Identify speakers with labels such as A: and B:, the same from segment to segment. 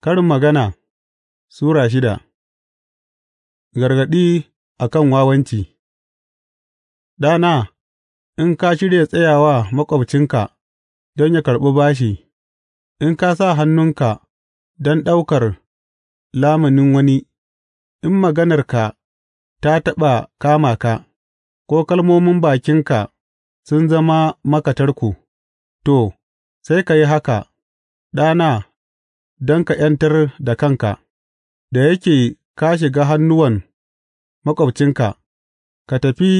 A: Karin Magana Sura shida Gargaɗi a kan wawanci Ɗana, in ka shirya tsayawa maƙwabcinka don ya karɓi bashi, in ka sa hannunka don ɗaukar lamunin wani, in maganarka ta taɓa kama ka, ko kalmomin bakinka sun zama makatarku, to, sai ka yi haka, ɗana. don ka ’yantar da kanka, da yake ka shiga hannuwan maƙwabcinka, ka tafi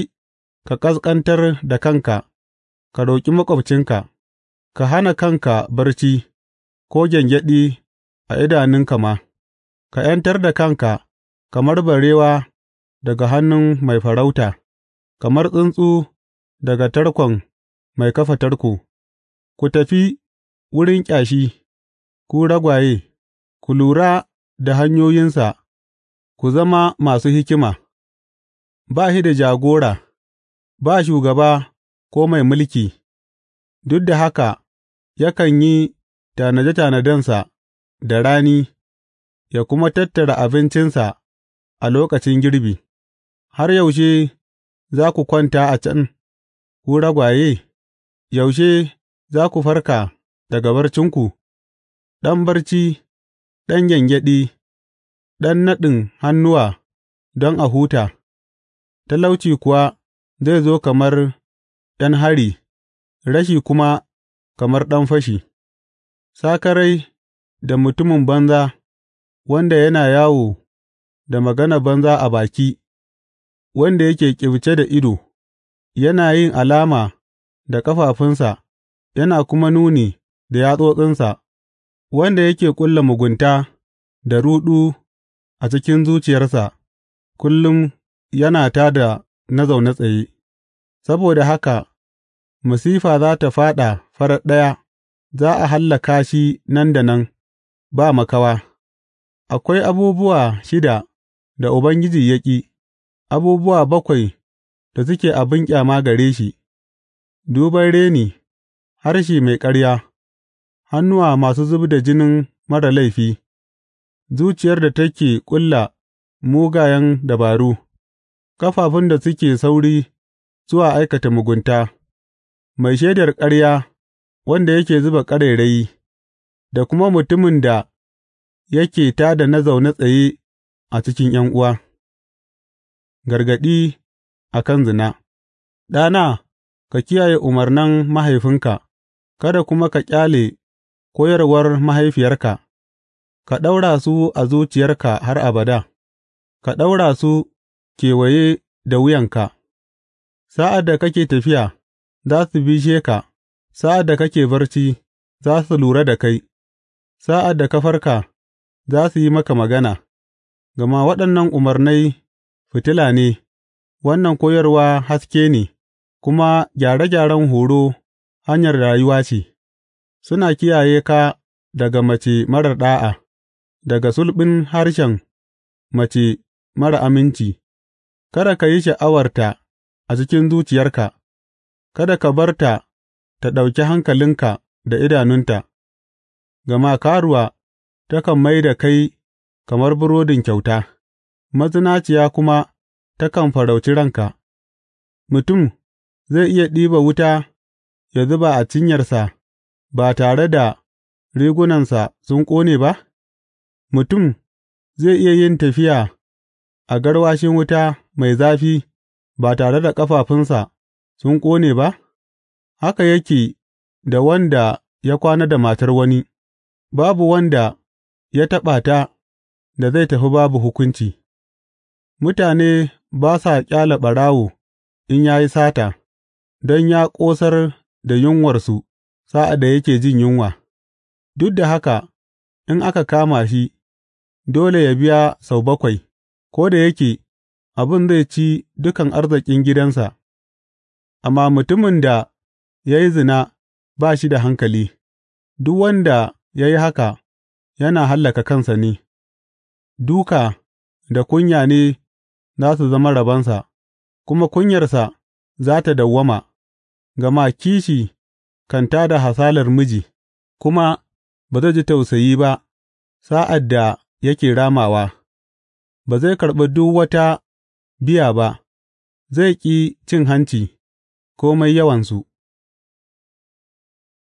A: ka ƙasƙantar da kanka, ka roƙi maƙwabcinka, ka hana kanka barci ko gyangyaɗi a idanunka ma, ka ’yantar da kanka kamar barewa daga hannun mai farauta, kamar tsuntsu daga tarkon mai kafa tarko, ku tafi wurin ƙyashi. Ku ragwaye, ku lura da hanyoyinsa ku zama masu hikima; ba shi da jagora, ba shugaba ko mai mulki, duk da haka yakan yi tanade tanadensa da rani ya kuma tattara abincinsa a lokacin girbi, har yaushe za ku kwanta a can, ku ragwaye, yaushe za ku farka daga barcinku? ɗan barci, ɗan gyangyaɗi, ɗan naɗin hannuwa don a huta, talauci kuwa zai zo kamar ɗan hari rashi kuma kamar ɗan fashi, sakarai da mutumin banza wanda yana yawo da magana banza a baki, wanda yake ƙibce da ido, yana yin alama da ƙafafunsa yana kuma nuni da yatsotsinsa. Wanda yake ƙulla mugunta da ruɗu a cikin zuciyarsa kullum yana tā da na zaune tsaye; saboda haka masifa za ta fāɗa farar ɗaya, za a hallaka shi nan da nan, ba makawa Akwai abubuwa shida da Ubangiji ya ƙi, abubuwa bakwai da suke abin ƙyama gare shi, duban reni, harshe mai ƙarya. hannuwa masu zub da jinin marar laifi, zuciyar da take ƙulla mugayen dabaru, kafafun da suke sauri zuwa aikata mugunta, mai shaidar ƙarya wanda yake zuba ƙarairayi, da kuma mutumin da yake tā da na zaune tsaye a cikin uwa. Gargaɗi a kan zina Ɗana, ka kiyaye umarnan mahaifinka, kada kuma ka ƙyale koyarwar mahaifiyarka, ka ɗaura su a zuciyarka har abada, ka ɗaura su kewaye da wuyanka, sa'ad da kake tafiya, za su bishe ka, sa'ad da kake barci, za su lura da kai, sa'ad da ka farka, za su yi maka magana, gama waɗannan umarnai fitila ne, wannan koyarwa haske ne, kuma gyare gyaren horo hanyar rayuwa ce. suna kiyaye ka daga mace marar ɗa'a, daga sulɓin harshen mace marar aminci; kada ka yi sha'awarta a cikin zuciyarka, kada ka bar ta ta ɗauki hankalinka da idanunta, gama karuwa takan mai da kai kamar burodin kyauta, mazinaciya kuma takan farauci ranka; mutum zai iya ɗiba wuta ya zuba a cinyarsa. ba tare da rigunansa sun ƙone ba, mutum zai iya yin tafiya a garwashin wuta mai zafi ba tare da ƙafafunsa sun ƙone ba? Haka yake da wanda ya kwana da matar wani, babu wanda ya taɓa ta da zai tafi babu hukunci. Mutane ba sa ƙyale ɓarawo in ya yi sata, don ya ƙosar da yunwarsu. sa'ad da yake jin yunwa, duk da haka in aka kama shi, dole yă biya sau bakwai, ko da yake abin zai ci dukan arzikin gidansa, amma mutumin da ya yi zina ba shi da hankali, duk wanda ya yi haka yana hallaka kansa ne, Duka da kunya ne za su zama rabonsa, kuma kunyarsa za ta dawwama, gama kishi kan tā da hasalar miji, kuma ba zai ji tausayi ba sa'ad da yake ramawa, ba zai karɓi duk wata biya ba, zai ƙi cin hanci, kome yawansu.